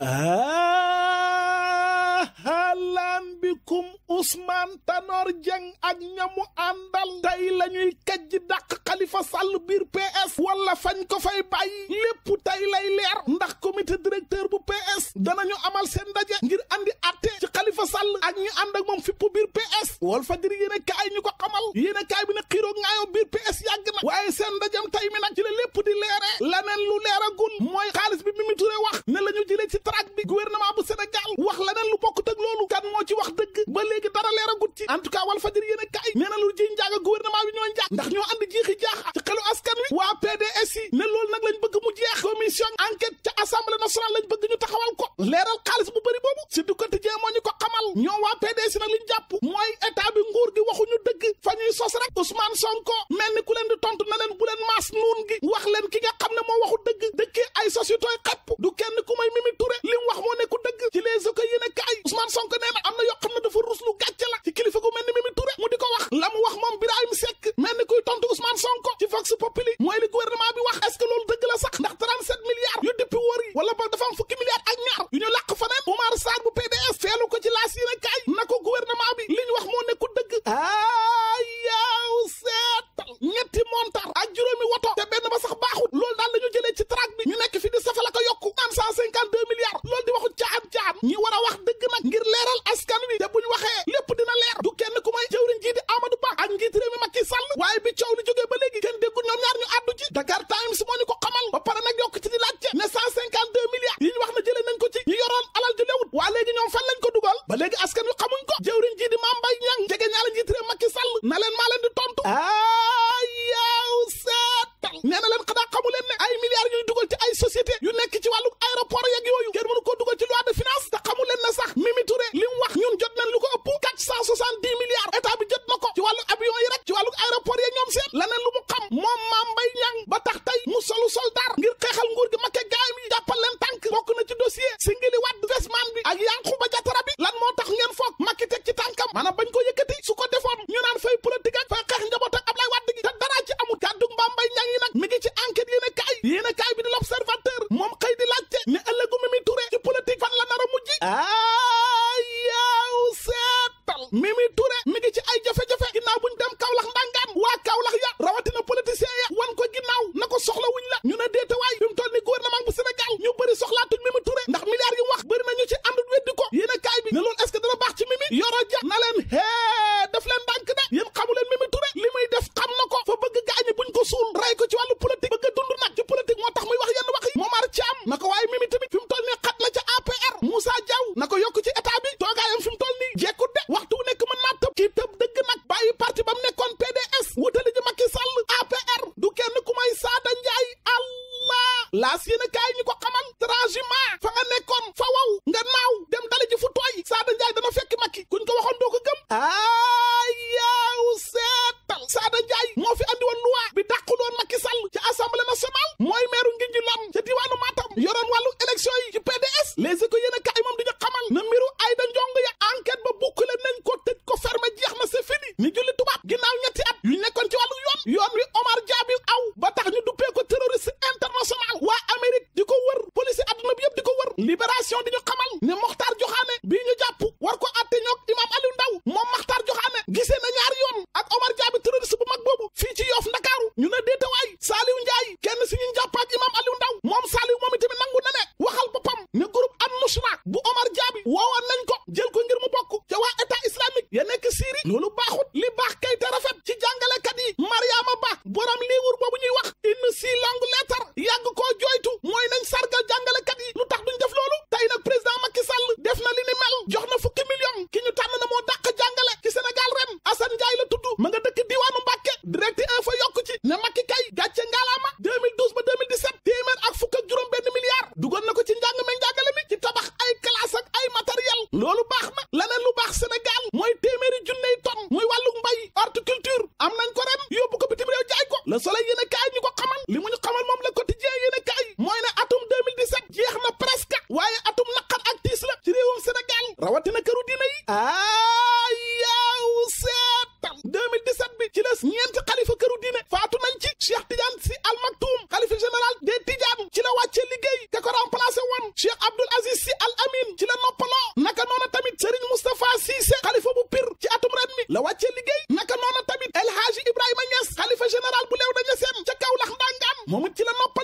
Ah, aleykum Ousmane Tanor Dieng ak ñamu àndal tey la ñuy kajj dàq Khalifa Sall biir PS wala fañ ko fay bàyyi lépp tey lay leer ndax comité directeur bu PS danañu amal seen ndaje ngir andi atte ci Khalifa Sall ak ñu ànd ak moom fippu biir PS wal fajiri yéen kaay ñu ko xamal yéen kaay bi ne xiiroo ngaayoo biir PS yàgg na waaye seen ndajam tey mi nag ci lépp di leeree laneen lu leeragul mooy xaalis bi Mimi Touré wax ne la ñu ci tra leeral xaalis bu bëri boobu si du quotidien moo ñu ko xamal ñoom waa PDS nag li ñu jàpp mooy état bi nguur gi waxuñu dëgg fa ñuy sos rek Ousmane Sonko mel ni ku leen di tontu na leen bu leen maas nuun gi wax leen ki nga xam ne moo waxu dëgg dëkkee ay sos yu tooy xepp du kenn ku may Mimi Touré li mu wax moo ne dëgg ci les écoles yi ne kaay Sonko nee na am na yoo xam ne dafa rus lu gàcce la ci kilifa gu mel ni Mimi Touré mu di ko wax la mu diabo Da Gar Times, Mônica. maanaam bañ ko yëkkati su ko defoon ñu naan fay politique ak fay njaboot ak Ablaye Wade gi te dara ci amul kàddu Mbaye Mbaye nag mi ngi ci enquête yéen a kaay yéen a kaay bi di l'observateur moom xëy di laajte ne ëllëgu Mimi Touré ci politique fan la nar a mujj ah, leen hee daf leen ndànk de yéen xamu leen Mimi Touré li muy def xam na ko fa bëgg gaañi buñ ko suul rey ko ci wàllu politique bëgg dund nag ci politique moo tax muy wax yenn wax Momar Thiam na ko waaye Mimi tamit toll nii xat la ca APR Moussa Diaw na ko yokk ci état toogaayam fi toll nii jekkut de waxtu wu nekk mën naa tëb kii tëb dëgg nag bàyyi parti ba mu nekkoon PDS wutali ji Macky Sall APR du kenn ku may Sada Allah laas yéen a ah yaa seetal Sada Ndiaye moo fi andi woon loi bi dàquloon Macky Sall ci assemblée nationale mooy meeru ngi ji lam ca diwaanu Matam yoroon wàllu élection yi ci PDS les éco yéen a kaay moom di ñu xamal na mbiru la Soleil yéen cara. jangal bu lew dañu sen ca kaw lax ndangam momit ci la nopp